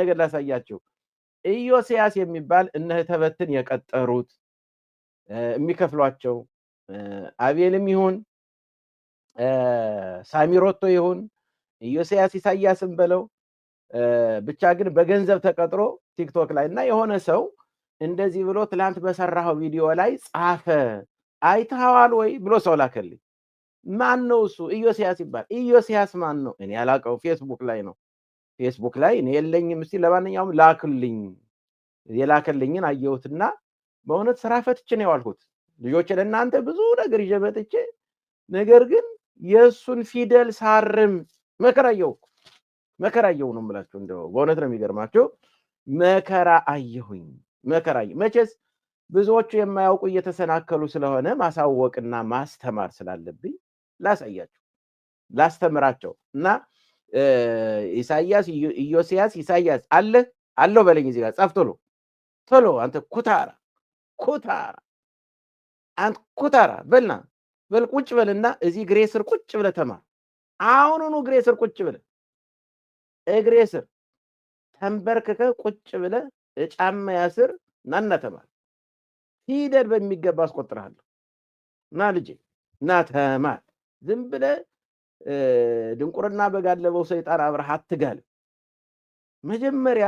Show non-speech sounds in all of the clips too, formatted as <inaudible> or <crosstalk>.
ነገር ላሳያችሁ። ኢዮስያስ የሚባል እነ የቀጠሩት የሚከፍሏቸው አቤልም ይሁን ሳሚሮቶ ይሁን ኢዮስያስ ኢሳያስም በለው ብቻ ግን በገንዘብ ተቀጥሮ ቲክቶክ ላይ እና የሆነ ሰው እንደዚህ ብሎ ትላንት በሰራኸው ቪዲዮ ላይ ጻፈ አይተኸዋል ወይ ብሎ ሰው ላከልኝ። ማን ነው እሱ? ኢዮስያስ ይባል። ኢዮስያስ ማን ነው? እኔ ያላቀው ፌስቡክ ላይ ነው ፌስቡክ ላይ እኔ የለኝም፣ እስቲ ለማንኛውም ላክልኝ። የላክልኝን አየሁትና በእውነት ስራ ፈትቼ ነው የዋልኩት። ልጆች ለእናንተ ብዙ ነገር ይዤ ነገር ግን የእሱን ፊደል ሳርም መከራ አየሁ፣ መከራ አየሁ ነው የምላችሁ። እንደ በእውነት ነው የሚገርማቸው መከራ አየሁኝ፣ መከራ መቼስ ብዙዎቹ የማያውቁ እየተሰናከሉ ስለሆነ ማሳወቅና ማስተማር ስላለብኝ ላሳያቸው፣ ላስተምራቸው እና ኢሳያስ ኢዮስያስ ኢሳያስ አለ አለው በለኝ እዚህ ጋር ጻፍ ቶሎ ቶሎ አንተ ኩታራ ኩታራ አንተ ኩታራ በልና በል ቁጭ በልና እዚህ እግሬ ስር ቁጭ ብለ ተማር አሁኑኑ እግሬ ስር ቁጭ ብለ እግሬ ስር ተንበርክከህ ቁጭ ብለ ጫማያ ስር ናና ተማር ሂደድ በሚገባ አስቆጥርሃለሁ ና ልጄ ና ተማር ዝም ብለህ ድንቁርና በጋለበው ሰይጣን አብረህ አትጋልብ። መጀመሪያ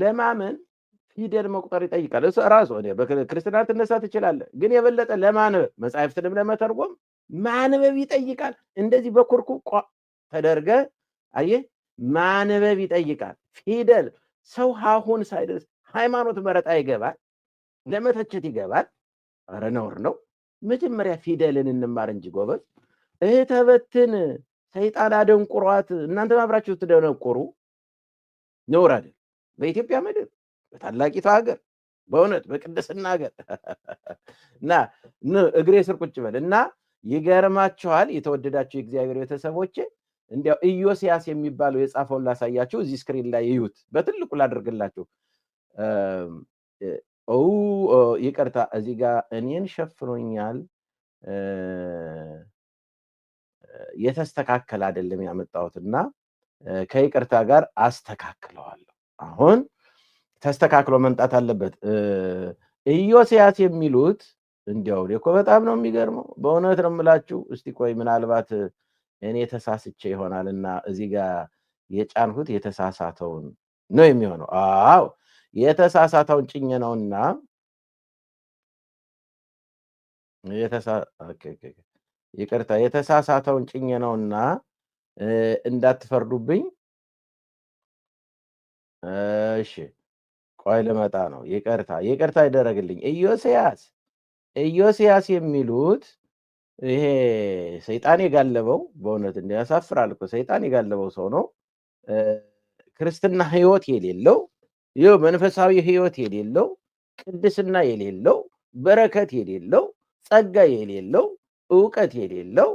ለማመን ፊደል መቁጠር ይጠይቃል። እሱ ራሱ በክርስትና ትነሳ ትችላለህ፣ ግን የበለጠ ለማንበብ መጽሐፍትንም ለመተርጎም ማንበብ ይጠይቃል። እንደዚህ በኩርኩ ቋ ተደርገ አየህ፣ ማንበብ ይጠይቃል። ፊደል ሰው ሀሁን ሳይደርስ ሃይማኖት መረጣ ይገባል፣ ለመተቸት ይገባል። ኧረ ነውር ነው። መጀመሪያ ፊደልን እንማር እንጂ ጎበዝ። እህተ በትን ሰይጣን አደንቁሯት እናንተ አብራችሁ ትደነቁሩ ነውር አይደል? በኢትዮጵያ ምድር በታላቂቷ ሀገር በእውነት በቅድስና ሀገር <laughs> እና እግሬ ስር ቁጭ በል እና ይገርማችኋል። የተወደዳችሁ የእግዚአብሔር ቤተሰቦች እንዲያው ኢዮስያስ የሚባለው የጻፈውን ላሳያችሁ። እዚህ ስክሪን ላይ ይዩት፣ በትልቁ ላደርግላችሁ። ይቅርታ፣ እዚህ ጋር እኔን ሸፍኖኛል። የተስተካከለ አይደለም ያመጣሁት እና ከይቅርታ ጋር አስተካክለዋለሁ። አሁን ተስተካክሎ መምጣት አለበት። ኢዮስያስ የሚሉት እንዲያው እኮ በጣም ነው የሚገርመው። በእውነት ነው የምላችሁ። እስቲ ቆይ ምናልባት እኔ ተሳስቼ ይሆናል እና እዚህ ጋር የጫንሁት የተሳሳተውን ነው የሚሆነው። አዎ የተሳሳተውን ጭኝ ነውና ይቅርታ የተሳሳተውን ጭኝ ነውና እንዳትፈርዱብኝ። እሺ ቆይ ልመጣ ነው። ይቅርታ ይቅርታ ይደረግልኝ። ኢዮስያስ ኢዮስያስ የሚሉት ይሄ ሰይጣን የጋለበው በእውነት እንዲያሳፍራል እኮ ሰይጣን የጋለበው ሰው ነው። ክርስትና ህይወት የሌለው ይኸው መንፈሳዊ ህይወት የሌለው ቅድስና የሌለው በረከት የሌለው ጸጋ የሌለው እውቀት የሌለው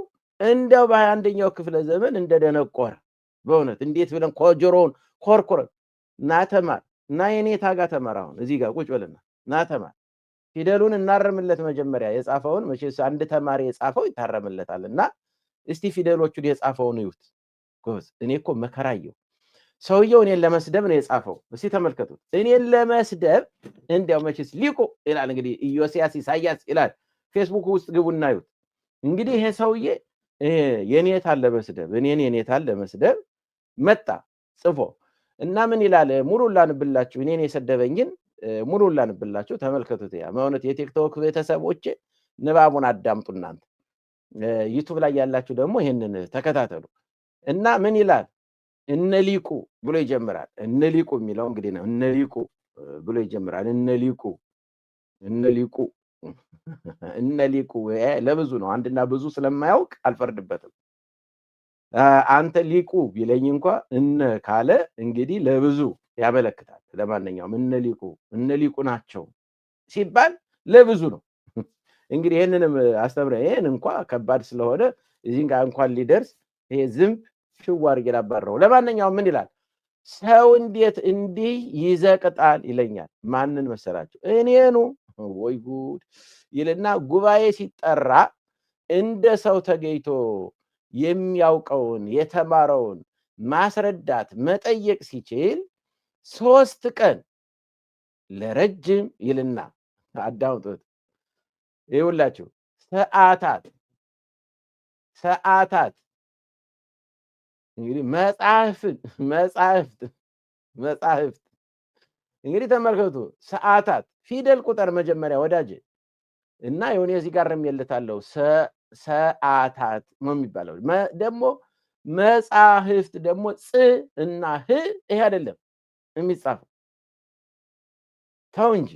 እንደው በአንደኛው ክፍለ ዘመን እንደደነቆረ በእውነት እንዴት ብለን ኮጆሮውን ኮርኩረን ና ተማር እና የኔ ታጋ ተመር አሁን እዚህ ጋር ቁጭ ብልና ና ተማር። ፊደሉን እናርምለት መጀመሪያ የጻፈውን መ አንድ ተማሪ የጻፈው ይታረምለታል። እና እስቲ ፊደሎቹን የጻፈውን ይዩት ጎበዝ። እኔ እኮ መከራየው ሰውየው እኔን ለመስደብ ነው የጻፈው። እስቲ ተመልከቱት። እኔን ለመስደብ እንዲያው መችስ ሊቁ ይላል እንግዲህ ኢዮስያስ ኢሳያስ ይላል። ፌስቡክ ውስጥ ግቡና ይዩት። እንግዲህ ይሄ ሰውዬ የኔታን ለመስደብ እኔን የኔታን ለመስደብ መጣ ጽፎ እና ምን ይላል? ሙሉ ላንብላችሁ። እኔን የሰደበኝን ሙሉ ላንብላችሁ፣ ተመልከቱት። ያ መሆነት የቲክቶክ ቤተሰቦች ንባቡን አዳምጡ። እናንተ ዩቱብ ላይ ያላችሁ ደግሞ ይህንን ተከታተሉ። እና ምን ይላል? እነሊቁ ብሎ ይጀምራል። እነሊቁ የሚለው እንግዲህ ነው። እነሊቁ ብሎ ይጀምራል። እነሊቁ እነሊቁ እነ ሊቁ ለብዙ ነው። አንድና ብዙ ስለማያውቅ አልፈርድበትም። አንተ ሊቁ ቢለኝ እንኳ እነ ካለ እንግዲህ ለብዙ ያመለክታል። ለማንኛውም እነ ሊቁ እነ ሊቁ ናቸው ሲባል ለብዙ ነው። እንግዲህ ይህንንም አስተምረ ይህን እንኳ ከባድ ስለሆነ እዚህ ጋር እንኳን ሊደርስ ይሄ ዝንብ ሽዋር እየላባረው። ለማንኛውም ምን ይላል? ሰው እንዴት እንዲህ ይዘቅጣል ይለኛል። ማንን መሰላችሁ? እኔኑ ወይ ጉድ ይልና ጉባኤ ሲጠራ እንደ ሰው ተገኝቶ የሚያውቀውን የተማረውን ማስረዳት መጠየቅ ሲችል ሶስት ቀን ለረጅም ይልና አዳምጡት። ይውላችሁ ሰዓታት ሰዓታት እንግዲህ መጽሐፍን መጽሐፍት መጽሐፍት እንግዲህ ተመልከቱ ሰዓታት ፊደል ቁጠር መጀመሪያ ወዳጅ እና የሆነ የዚህ ጋር የሚልታለው ሰአታት ነው የሚባለው። ደግሞ መጻሕፍት ደግሞ ጽ እና ህ ይሄ አይደለም የሚጻፈው። ተው እንጂ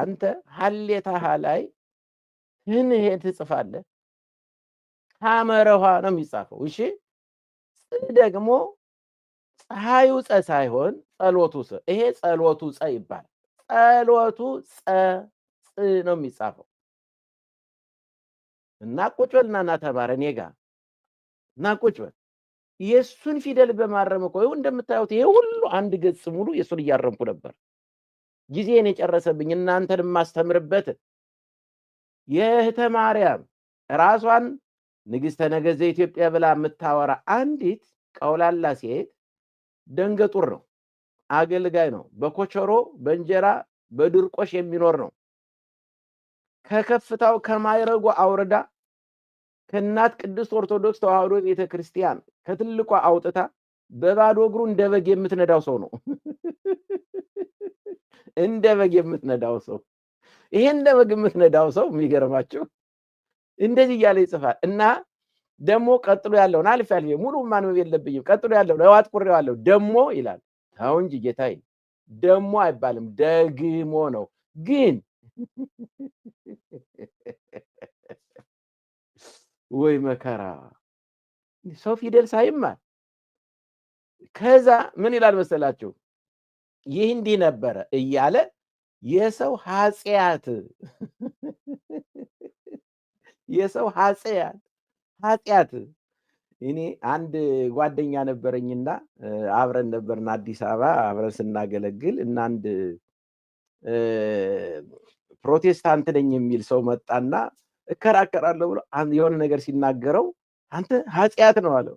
አንተ ሀሌታሃ ላይ ህን ይሄ ትጽፋለህ። ሀመረኋ ነው የሚጻፈው። እሺ ጽ ደግሞ ፀሐዩ ፀ ሳይሆን ጸሎቱ ስ ይሄ ጸሎቱ ፀ ይባላል። ጸሎቱ ፀ ፅ ነው የሚጻፈው እና ቁጭ በል እናና እና ቁጭበል የእሱን ፊደል በማረም እኮ ይኸው እንደምታዩት ይሄ ሁሉ አንድ ገጽ ሙሉ የእሱን እያረምኩ ነበር። ጊዜን የጨረሰብኝ እናንተን የማስተምርበት የእህተ ማርያም ራሷን ንግሥተ ነገዘ ኢትዮጵያ ብላ የምታወራ አንዲት ቀውላላ ሴት ደንገጡር ነው፣ አገልጋይ ነው። በኮቸሮ በእንጀራ በድርቆሽ የሚኖር ነው። ከከፍታው ከማይረጉ አውረዳ ከእናት ቅድስት ኦርቶዶክስ ተዋህዶ ቤተ ክርስቲያን ከትልቋ አውጥታ በባዶ እግሩ እንደ በግ የምትነዳው ሰው ነው። <laughs> እንደ በግ የምትነዳው ሰው ይሄ እንደ በግ የምትነዳው ሰው የሚገርማችሁ እንደዚህ እያለ ይጽፋል እና ደግሞ ቀጥሎ ያለውን አልፌ አልፌ ሙሉ ማንበብ የለብኝም። ቀጥሎ ያለውን ለዋት ያለው ደግሞ ይላል። ተው እንጂ ጌታዬ፣ ደግሞ አይባልም ደግሞ ነው። ግን <laughs> ወይ መከራ ሰው ፊደል ሳይማር ከዛ ምን ይላል መሰላችሁ? ይህ እንዲህ ነበረ እያለ የሰው ኃጢአት <laughs> የሰው ኃጢአት ኃጢአት። እኔ አንድ ጓደኛ ነበረኝና አብረን ነበርን አዲስ አበባ አብረን ስናገለግል እና አንድ ፕሮቴስታንት ነኝ የሚል ሰው መጣና እከራከራለሁ ብሎ የሆነ ነገር ሲናገረው አንተ ኃጢአት ነው አለው።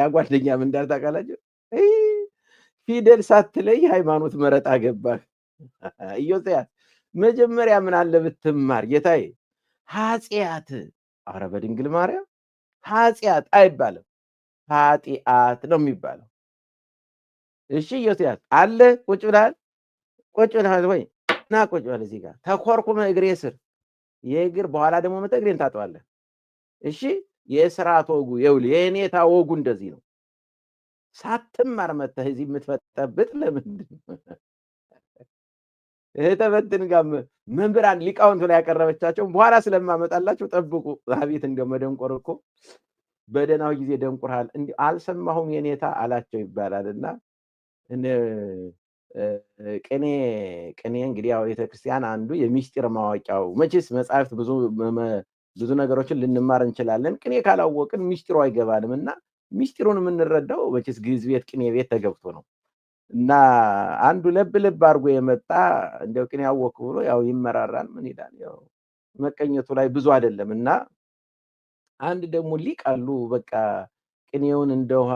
ያ ጓደኛ ምን እንዳለ ታውቃላችሁ? ፊደል ሳትለይ ሃይማኖት መረጣ ገባህ። ኢዮስያስ መጀመሪያ ምን አለ ብትማር ጌታዬ ኃጢአት። አረ በድንግል ማርያም ኃጢአት አይባልም፣ ኃጢአት ነው የሚባለው። እሺ ዮስያስ አለ ቁጭ ብለሃል፣ ቁጭ ብለሃል ወይ ና ቁጭ በል እዚህ ጋር ተኮርኩመ እግሬ ስር የእግር በኋላ ደግሞ መጠ እግሬን ታጠዋለህ። እሺ የስርዓት ወጉ ይኸውልህ፣ የኔታ ወጉ እንደዚህ ነው። ሳትማር መተህ እዚህ የምትፈጠብጥ ለምንድን እህተ በትን ጋር መምህራን ሊቃውንቱ ላይ ያቀረበቻቸው በኋላ ስለማመጣላቸው ጠብቁ። አቤት እንደ መደንቆር እኮ በደህናው ጊዜ ደንቁርሃል። እንዲህ አልሰማሁም የኔታ አላቸው ይባላል እና ቅኔ ቅኔ እንግዲህ ያው ቤተክርስቲያን አንዱ የሚስጢር ማወቂያው መቼስ መጽሐፍት ብዙ ነገሮችን ልንማር እንችላለን። ቅኔ ካላወቅን ሚስጢሩ አይገባንም እና ሚስጢሩን የምንረዳው መቼስ ግዕዝ ቤት ቅኔ ቤት ተገብቶ ነው። እና አንዱ ለብ ለብ አድርጎ የመጣ እንደው ቅን ያወኩ ብሎ ያው ይመራራል። ምን ይላል ያው መቀኘቱ ላይ ብዙ አይደለም። እና አንድ ደግሞ ሊቃሉ በቃ ቅኔውን እንደውሃ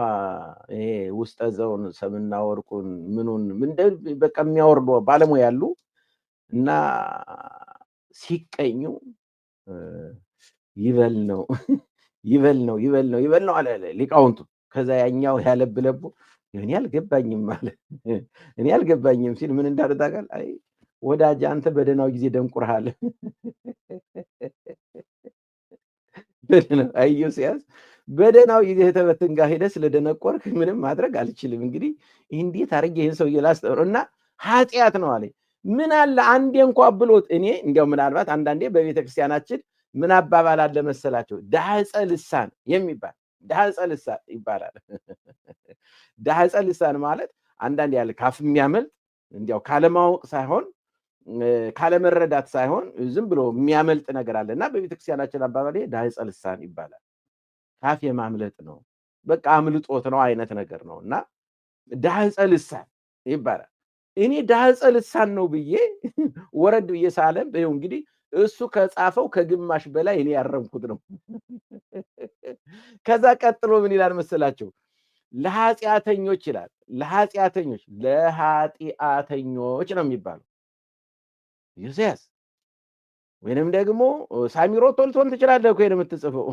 ይሄ ውስጠ ዘውን ሰምና ወርቁን ምኑን በቃ የሚያወርዱ ባለሙያ ያሉ እና ሲቀኙ ይበል ነው <laughs> ይበል ነው ይበል ነው ይበል ነው አለ ሊቃውንቱ። ከዛ ያኛው ያለብለቡ እኔ አልገባኝም አለ። እኔ አልገባኝም ሲል ምን እንዳለ ታውቃለህ? አይ ወዳጅ አንተ በደህናው ጊዜ ደንቁርሃል። አይ ኢዮስያስ በደህናው ጊዜ ተበትን ጋር ሄደ ስለደነቆርክ ምንም ማድረግ አልችልም። እንግዲህ እንዴት አድርጌ ይህን ሰውዬ ላስተምረው እና ኃጢአት ነው አለ። ምን አለ አንዴ እንኳ ብሎት እኔ እንዲያው ምናልባት አንዳንዴ በቤተክርስቲያናችን ምን አባባል አለ መሰላቸው ዳህፀ ልሳን የሚባል ዳህፀ ልሳን ይባላል። ዳህፀ <laughs> ልሳን ማለት አንዳንድ ያለ ካፍ የሚያመልጥ እንዲያው ካለማወቅ ሳይሆን ካለመረዳት ሳይሆን ዝም ብሎ የሚያመልጥ ነገር አለ እና በቤተክርስቲያናችን አባባል ዳህፀ ልሳን ይባላል። ካፍ የማምለጥ ነው፣ በቃ አምልጦት ነው አይነት ነገር ነው እና ዳህፀ ልሳን ይባላል። እኔ ዳህፀ ልሳን ነው ብዬ <laughs> ወረድ ብዬ ሳለም ይኸው እንግዲህ እሱ ከጻፈው ከግማሽ በላይ እኔ ያረምኩት ነው። ከዛ ቀጥሎ ምን ይላል መሰላቸው? ለኃጢአተኞች ይላል። ለኃጢአተኞች ለኃጢአተኞች ነው የሚባለው። ዮሴያስ ወይንም ደግሞ ሳሚሮ ቶልቶን ትችላለህ እኮ የምትጽፈው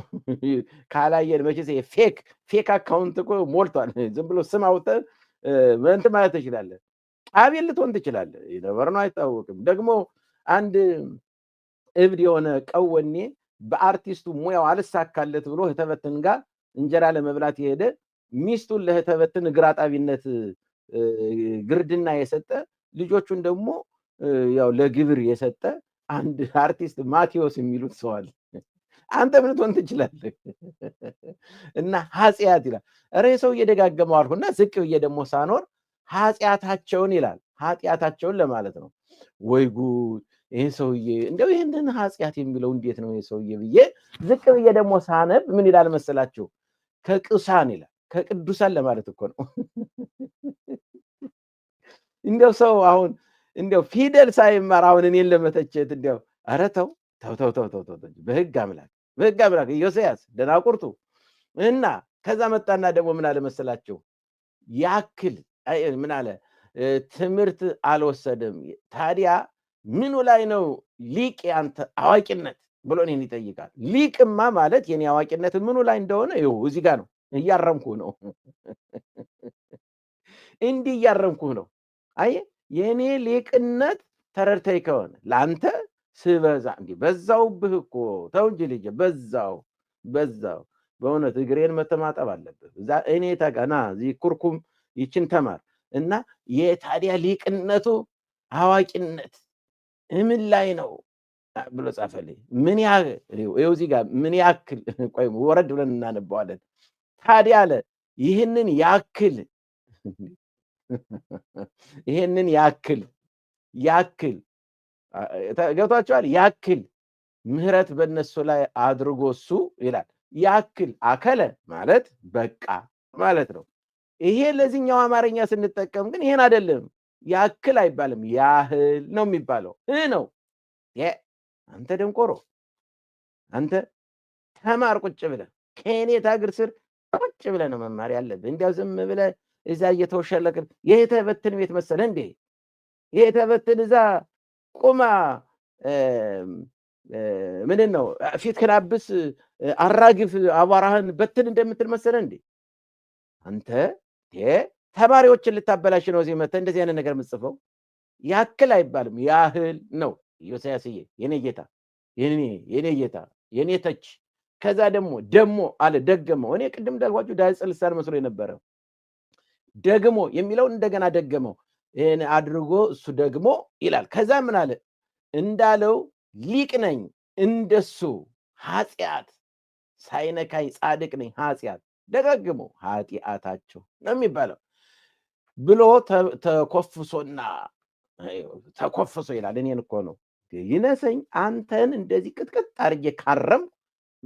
ካላየን መቼ ፌክ ፌክ አካውንት እኮ ሞልቷል። ዝም ብሎ ስም አውጥተህ መንት ማለት ትችላለህ። አቤል ልትሆን ትችላለህ። ነበር ነው አይታወቅም። ደግሞ አንድ እብድ የሆነ ቀወኔ በአርቲስቱ ሙያው አልሳካለት ብሎ ህተበትን ጋር እንጀራ ለመብላት የሄደ ሚስቱን ለህተበትን እግር አጣቢነት ግርድና የሰጠ ልጆቹን ደግሞ ያው ለግብር የሰጠ አንድ አርቲስት ማቴዎስ የሚሉት ሰዋል። አንተ ምን ትሆን ትችላለህ? እና ኃጢአት ይላል። ኧረ ሰው እየደጋገመው አልሁና ዝቅ ብዬ ደግሞ ሳኖር ኃጢአታቸውን ይላል። ኃጢአታቸውን ለማለት ነው። ወይ ጉድ ይህን ሰውዬ እንደው ይህንን ኃጢአት የሚለው እንዴት ነው ይህ ሰውዬ ብዬ ዝቅ ብዬ ደግሞ ሳነብ ምን ይላል መሰላችሁ? ከቅሳን ይላል ከቅዱሳን ለማለት እኮ ነው። እንዲያው ሰው አሁን እንዲያው ፊደል ሳይማር አሁን እኔን ለመተቸት እንዲያው ኧረ ተው ተው ተው ተው ተው ተው። በህግ አምላክ በህግ አምላክ ኢዮስያስ ደናቁርቱ እና ከዛ መጣና ደግሞ ምን አለ መሰላችሁ ያክል ምን አለ ትምህርት አልወሰድም ታዲያ ምኑ ላይ ነው ሊቅ ያንተ አዋቂነት ብሎ እኔን ይጠይቃል። ሊቅማ ማለት የኔ አዋቂነት ምኑ ላይ እንደሆነ ይሁ እዚህ ጋር ነው። እያረምኩ ነው፣ እንዲህ እያረምኩ ነው። አይ የእኔ ሊቅነት ተረድተይ ከሆነ ለአንተ ስበዛ እንዲህ በዛውብህ እኮ ተው እንጂ ልጅ በዛው በዛው በእውነት እግሬን መተማጠብ አለብህ። እዛ እኔ ተቀና እዚህ ኩርኩም ይችን ተማር እና የታዲያ ሊቅነቱ አዋቂነት ምን ላይ ነው ብሎ ጻፈልኝ። ምን ያህል እዚህ ጋር ምን ያክል <laughs> ቆይ ወረድ ብለን እናነበዋለን። ታዲያ አለ ይህንን ያክል <laughs> ይህንን ያክል ያክል ገብቷቸዋል። ያክል ምህረት በእነሱ ላይ አድርጎ እሱ ይላል ያክል አከለ ማለት በቃ ማለት ነው። ይሄ ለዚህኛው አማርኛ ስንጠቀም ግን ይሄን አይደለም ያክል አይባልም፣ ያህል ነው የሚባለው። እ ነው አንተ ደንቆሮ፣ አንተ ተማር ቁጭ ብለ ከኔታ እግር ስር ቁጭ ብለ ነው መማር ያለብህ። እንዲያው ዝም ብለ እዛ እየተወሸለክን የተበትን ቤት መሰለ እንዴ? የተበትን እዛ ቁማ ምን ነው ፊት ክላብስ አራግፍ አቧራህን በትን እንደምትል መሰለ እንዴ? አንተ ተማሪዎችን ልታበላሽ ነው። እዚህ መተ እንደዚህ አይነት ነገር የምጽፈው ያክል አይባልም ያህል ነው። ኢዮስያስዬ የኔ ጌታ የኔ ጌታ የኔ ተች ከዛ ደግሞ ደግሞ አለ ደገመው። እኔ ቅድም እንዳልኳችሁ ዳዊት ልሳን መስሎ የነበረው ደግሞ የሚለውን እንደገና ደገመው። ይህን አድርጎ እሱ ደግሞ ይላል። ከዛ ምን አለ እንዳለው ሊቅ ነኝ እንደሱ ኃጢአት ሳይነካኝ ጻድቅ ነኝ። ኃጢአት ደጋግሞ ኃጢአታቸው ነው የሚባለው። ብሎ ተኮፍሶና ተኮፍሶ ይላል። እኔን እኮ ነው ይነሰኝ አንተን እንደዚህ ቅጥቅጥ አድርጌ ካረም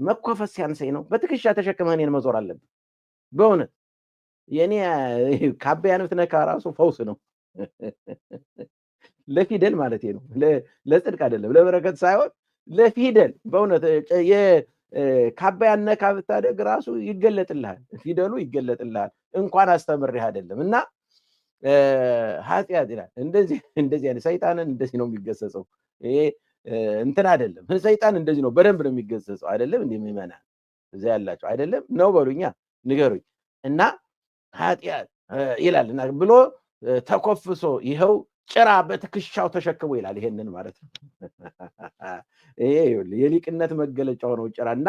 መኮፈስ ሲያንሰኝ ነው። በትከሻ ተሸክመህ እኔን መዞር አለብን። በእውነት የእኔ ካባያን ብትነካ ራሱ ፈውስ ነው። <laughs> ለፊደል ማለት ነው። ለጽድቅ አይደለም፣ ለበረከት ሳይሆን ለፊደል። በእውነት ካባያን ነካ ብታደግ ራሱ ይገለጥልሃል፣ ፊደሉ ይገለጥልሃል። እንኳን አስተምሬህ አይደለም እና ኃጢአት ይላል። እንደዚህ <laughs> እንደዚህ አይነት ሰይጣንን እንደዚህ ነው የሚገሰጸው። ይሄ እንትን አይደለም። ሰይጣን እንደዚህ ነው በደንብ ነው የሚገሰጸው። አይደለም እንዲ የሚመና እዚ ያላቸው አይደለም ነው በሉኛ ንገሩኝ እና ኃጢአት ይላል እና ብሎ ተኮፍሶ ይኸው ጭራ በትከሻው ተሸክሞ ይላል። ይሄንን ማለት ነው <laughs> ይሄ የሊቅነት መገለጫ ሆነው ጭራ እና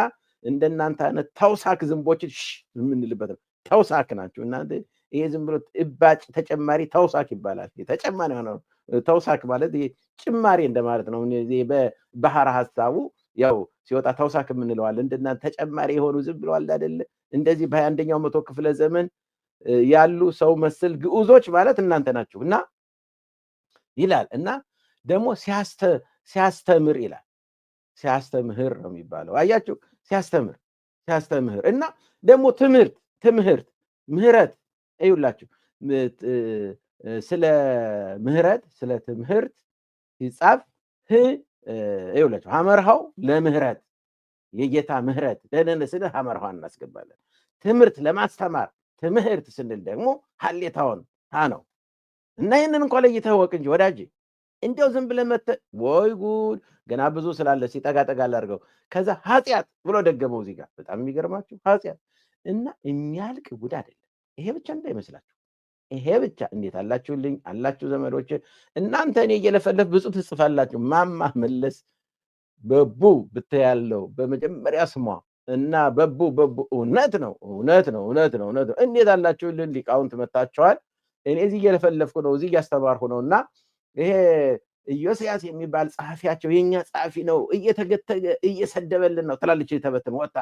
እንደናንተ አይነት ተውሳክ ዝንቦችን የምንልበት ነው። ተውሳክ ናቸው እናንተ ይሄ ዝም ብሎ እባጭ ተጨማሪ ተውሳክ ይባላል። ተጨማሪ ሆነ ተውሳክ ማለት ጭማሪ እንደማለት ነው። በባህር ሀሳቡ ያው ሲወጣ ተውሳክ የምንለዋል እንደና ተጨማሪ የሆኑ ዝም ብሎ አይደለ? እንደዚህ በአንደኛው መቶ ክፍለ ዘመን ያሉ ሰው መስል ግዑዞች ማለት እናንተ ናችሁ እና ይላል እና ደግሞ ሲያስተምር ይላል ሲያስተምህር ነው የሚባለው። አያችሁ ሲያስተምር ሲያስተምህር እና ደግሞ ትምህርት ትምህርት ምህረት እዩላችሁ ስለ ምህረት ስለ ትምህርት ሲጻፍ ህ ይውላችሁ ሀመርሃው ለምህረት የጌታ ምህረት ደህንነ ስንል ሀመርሃ እናስገባለን። ትምህርት ለማስተማር ትምህርት ስንል ደግሞ ሀሌታውን ታ ነው እና ይህንን እንኳ ለይተህ ወቅ እንጂ ወዳጅ እንዲያው ዝም ብለ መተ ወይ ጉድ ገና ብዙ ስላለ ሲጠጋጠጋ ላርገው ከዛ ሀጢያት ብሎ ደገመው እዚህ ጋር በጣም የሚገርማችሁ ሀጢያት እና የሚያልቅ ጉድ አይደለም። ይሄ ብቻ እንዳይመስላችሁ። ይሄ ብቻ እንዴት አላችሁልኝ? አላችሁ ዘመዶች? እናንተ እኔ እየለፈለፍ ብዙ ትጽፋላችሁ። ማማ መለስ በቡ ብትያለው በመጀመሪያ ስሟ እና በቡ በቡ እውነት ነው፣ እውነት ነው፣ እውነት ነው፣ እውነት ነው። እንዴት አላችሁልን ሊቃውንት መታችኋል። እኔ እዚህ እየለፈለፍኩ ነው፣ እዚህ እያስተማርኩ ነው እና ይሄ ኢዮስያስ የሚባል ጸሐፊያቸው የእኛ ጸሐፊ ነው እየተገተገ እየሰደበልን ነው ትላለች። የተበትን ወጣ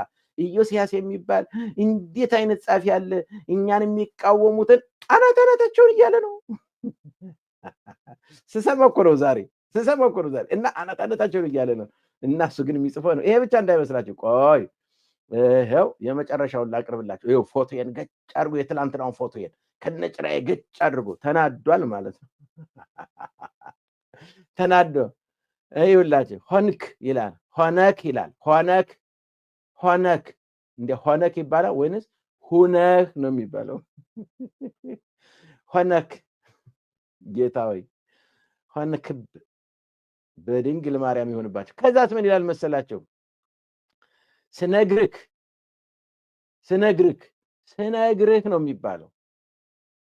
ኢዮስያስ የሚባል እንዴት አይነት ጸሐፊ አለ? እኛን የሚቃወሙትን አናት አናታቸውን እያለ ነው። <laughs> ስሰመኮ ነው ዛሬ ስሰመኮ ነው ዛሬ እና አናት እያለ ነው። እና እሱ ግን የሚጽፈው ነው። ይሄ ብቻ እንዳይመስላቸው ቆይ ይኸው የመጨረሻውን ላቅርብላቸው ይኸው ፎቶዬን ገጭ አድርጎ የትላንትናውን ፎቶዬን ከነጭራዬ ገጭ አድርጎ ተናዷል ማለት ነው። <laughs> ተናዶ ይውላችሁ ሆንክ ይላል፣ ሆነክ ይላል። ሆነክ ሆነክ እንደ ሆነክ ይባላል ወይንስ ሁነህ ነው የሚባለው? <laughs> ሆነክ ጌታ ወይ ሆነክ በድንግል ማርያም ይሆንባቸው። ከዛት ምን ይላል መሰላቸው? ስነግርክ ስነግርክ ስነግርህ ነው የሚባለው።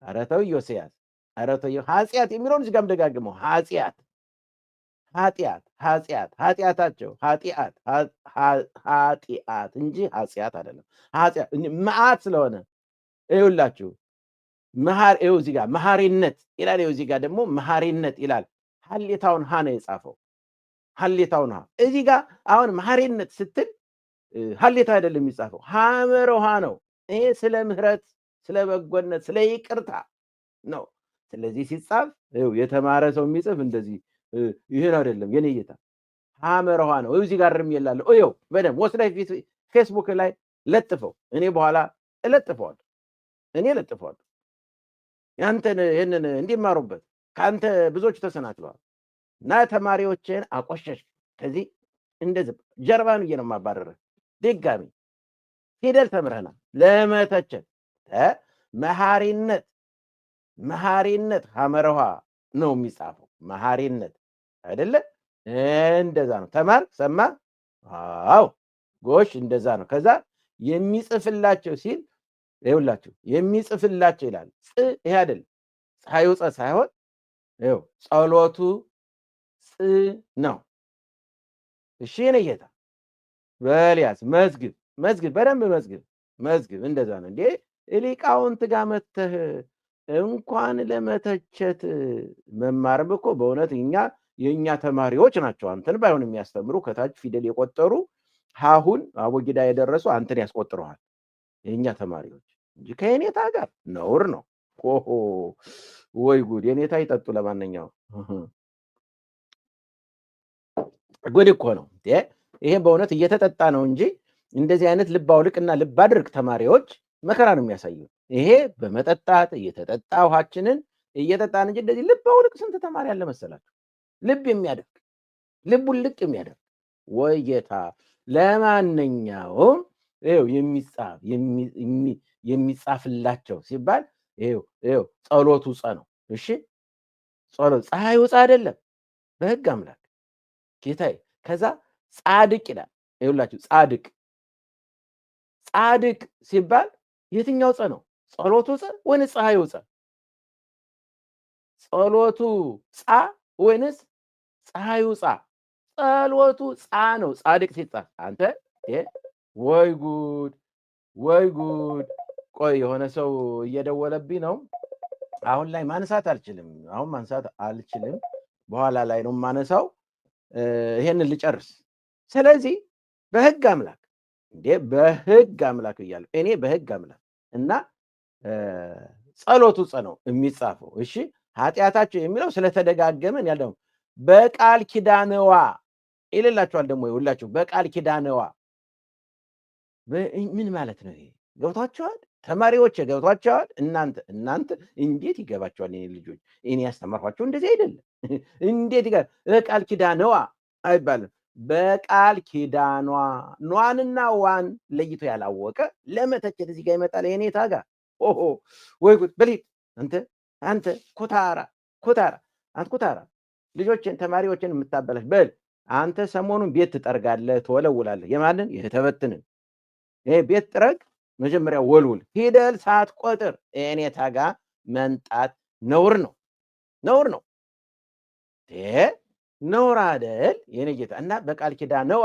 አረተው ዮሴያስ አረተው ኃጢአት የሚለውን እዚህ ጋም ደጋግመው ኃጢአት ኃጢአት ኃጢአት ኃጢአታቸው ኃጢአት ኃጢአት እንጂ ኃጢአት አይደለም። ኃጢአት መዓት ስለሆነ ይውላችሁ መሐር ይው እዚህ ጋር መሐሪነት ይላል። ይው እዚህ ጋር ደግሞ መሐሪነት ይላል። ሀሌታውን ሀ ነው የጻፈው። ሀሌታውን ሀ እዚህ ጋር አሁን መሐሪነት ስትል ሀሌታ አይደለም የሚጻፈው ሀመር ውሃ ነው። ይሄ ስለ ምህረት፣ ስለ በጎነት፣ ስለ ይቅርታ ነው። ስለዚህ ሲጻፍ የተማረ ሰው የሚጽፍ እንደዚህ ይሄን አይደለም የኔ እይታ ሀመረኋ ነው። እዚህ ጋር ርም የላለሁ በደም በደምብ ወስዳይ ፌስቡክ ላይ ለጥፈው። እኔ በኋላ እለጥፈዋለሁ እኔ እለጥፈዋለሁ። ያንተን ይህንን እንዲማሩበት ከአንተ ብዙዎች ተሰናክለዋል እና ተማሪዎችን አቆሸሽ። ከዚህ እንደዚህ ጀርባን ብዬ ነው የማባረርህ። ድጋሚ ፊደል ተምረህናል ለመተቸት መሐሪነት መሐሪነት ሀመረኋ ነው የሚጻፈው መሐሪነት አይደለ? እንደዛ ነው። ተማር ሰማ። አው ጎሽ፣ እንደዛ ነው። ከዛ የሚጽፍላቸው ሲል ይውላችሁ የሚጽፍላቸው ይላል። ጽ ይሄ አይደል ፀሐይ ውፀ ሳይሆን ይው ጸሎቱ ጽ ነው። እሺ ነ ጌታ በልያስ መዝግብ መዝግብ በደንብ መዝግብ መዝግብ። እንደዛ ነው እንዴ ሊቃውንት ጋር መተህ እንኳን ለመተቸት መማርም እኮ በእውነት እኛ የእኛ ተማሪዎች ናቸው። አንተን ባይሆን የሚያስተምሩ ከታች ፊደል የቆጠሩ ሀሁን አቦጊዳ የደረሱ አንተን ያስቆጥረዋል። የእኛ ተማሪዎች እንጂ ከየኔታ ጋር ነውር ነው። ኦሆ ወይ ጉድ! የኔታ ይጠጡ። ለማንኛው ጉድ እኮ ነው ይሄ። በእውነት እየተጠጣ ነው እንጂ እንደዚህ አይነት ልብ እና ልብ ተማሪዎች መከራ ነው የሚያሳየ ይሄ በመጠጣት እየተጠጣ ውሃችንን እየጠጣን እንጂ እንደዚህ ልብ አውልቅ ስንት ተማሪ አለ መሰላችሁ? ልብ የሚያደርግ ልቡን ልቅ የሚያደርግ ወየታ ለማንኛውም ይኸው የሚጻፍ የሚጻፍላቸው ሲባል ይኸው ይኸው ጸሎቱ ውፀ ነው። እሺ ጸሎት ፀሐይ ውፀ አይደለም በህግ አምላክ ጌታዬ። ከዛ ጻድቅ ይላል። ይኸውላችሁ ጻድቅ ጻድቅ ሲባል የትኛው ፀ ነው? ጸሎቱ ፀ ወይንስ ፀሐይ ውፀ? ጸሎቱ ፀ ወይንስ ፀሐዩ ፃ ጸሎቱ ጻ ነው። ጻድቅ ሲጻ አንተ ወይ ጉድ ወይ ጉድ። ቆይ የሆነ ሰው እየደወለብኝ ነው። አሁን ላይ ማንሳት አልችልም። አሁን ማንሳት አልችልም። በኋላ ላይ ነው ማነሳው ይሄንን ልጨርስ። ስለዚህ በህግ አምላክ እንዴ በህግ አምላክ እያለ እኔ በህግ አምላክ እና ጸሎቱ ጸ ነው የሚጻፈው። እሺ ኃጢአታቸው የሚለው ስለተደጋገመን ያለው በቃል ኪዳነዋ ይልላችኋል። ደግሞ ይውላችሁ በቃል ኪዳነዋ ምን ማለት ነው? ይሄ ገብቷቸዋል። ተማሪዎች ገብቷቸዋል። እናንተ እናንተ እንዴት ይገባቸዋል? ኔ ልጆች እኔ ያስተማርኳቸው እንደዚህ አይደለም። <laughs> እንዴት ይገ በቃል ኪዳነዋ አይባልም። በቃል ኪዳኗ ኗንና ዋን ለይቶ ያላወቀ ለመተቸት እዚህ ጋር ይመጣል። የኔ ታጋ ወይ ጉድ በሊት አንተ አንተ ኩታራ ኩታራ አንተ ኩታራ ልጆችን ተማሪዎችን የምታበላሽ በል አንተ ሰሞኑን ቤት ትጠርጋለህ፣ ትወለውላለህ። የማንን የተበትንን ቤት ጥረግ መጀመሪያ ወልውል። ፊደል ቆጥር እኔ ታጋ መንጣት ነውር ነው፣ ነውር ነው፣ ነውር አደል የኔ ጌታ። እና በቃል ኪዳ ነዋ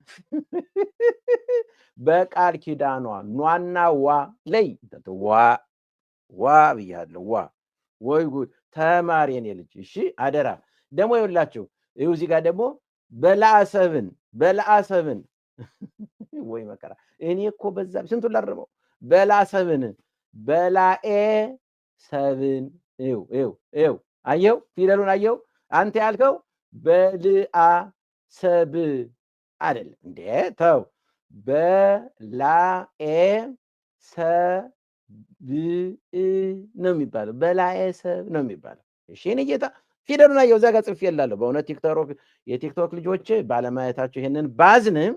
<laughs> በቃል ኪዳኗ ኗና ዋ ለይ ዋ ዋ ብያለሁ። ዋ ወይ ጉድ ተማሪ የኔ ልጅ እሺ፣ አደራ ደግሞ ይውላችሁ። ይሁ እዚህ ጋር ደግሞ በለአሰብን በለአሰብን <laughs> ወይ መከራ! እኔ እኮ በዛ ስንቱ ላርመው። በላሰብን በላኤ ሰብን ይኸው ይኸው ይኸው፣ አየው ፊደሉን አየው። አንተ ያልከው በልአ ሰብ አይደለም እንዴ? ተው በላኤ ሰብ ብእ ነው የሚባለው። በላየ ሰብ ነው የሚባለው። እሺ የእኔ ጌታ ፊደሉን አየሁ እዛ ጋር ጽፌላለሁ። በእውነት ቲክቶክ የቲክቶክ ልጆች ባለማየታቸው ይሄንን ባዝንም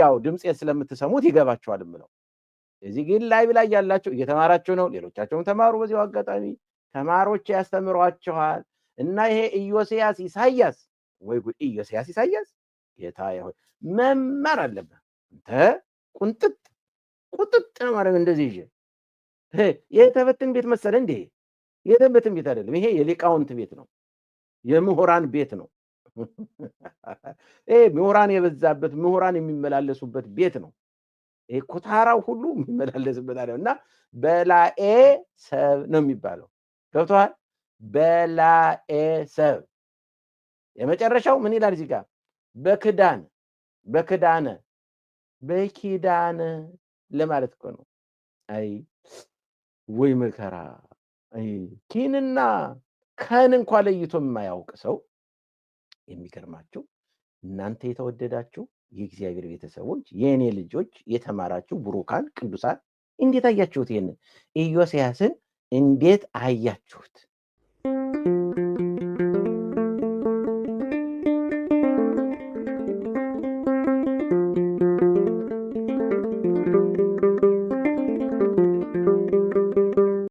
ያው ድምፄን ስለምትሰሙት ይገባቸዋል ምለው። እዚህ ግን ላይቭ ላይ ያላቸው እየተማራችሁ ነው። ሌሎቻቸውም ተማሩ። በዚሁ አጋጣሚ ተማሪዎች ያስተምሯችኋል። እና ይሄ ኢዮስያስ ኢሳያስ ወይ ጉድ! ኢዮስያስ ኢሳያስ ጌታ ሆይ መማር አለብህ አንተ ቁንጥጥ ቁጥጥ ነው ማድረግ እንደዚህ ይዤ የተበትን ቤት መሰለ እንዴ? የተበትን ቤት አይደለም። ይሄ የሊቃውንት ቤት ነው፣ የምሁራን ቤት ነው። ይሄ ምሁራን የበዛበት ምሁራን የሚመላለሱበት ቤት ነው። ይሄ ኩታራው ሁሉ የሚመላለስበት አለ እና በላኤ ሰብ ነው የሚባለው። ገብተዋል። በላኤ ሰብ የመጨረሻው ምን ይላል እዚህ ጋር? በክዳን በክዳነ በኪዳነ ለማለት እኮ ነው። አይ ወይ መከራ! ኪንና ከን እንኳ ለይቶ የማያውቅ ሰው የሚገርማችሁ እናንተ የተወደዳችሁ የእግዚአብሔር ቤተሰቦች የእኔ ልጆች የተማራችሁ ብሩካን ቅዱሳን እንዴት አያችሁት? ይህንን ኢዮስያስን እንዴት አያችሁት?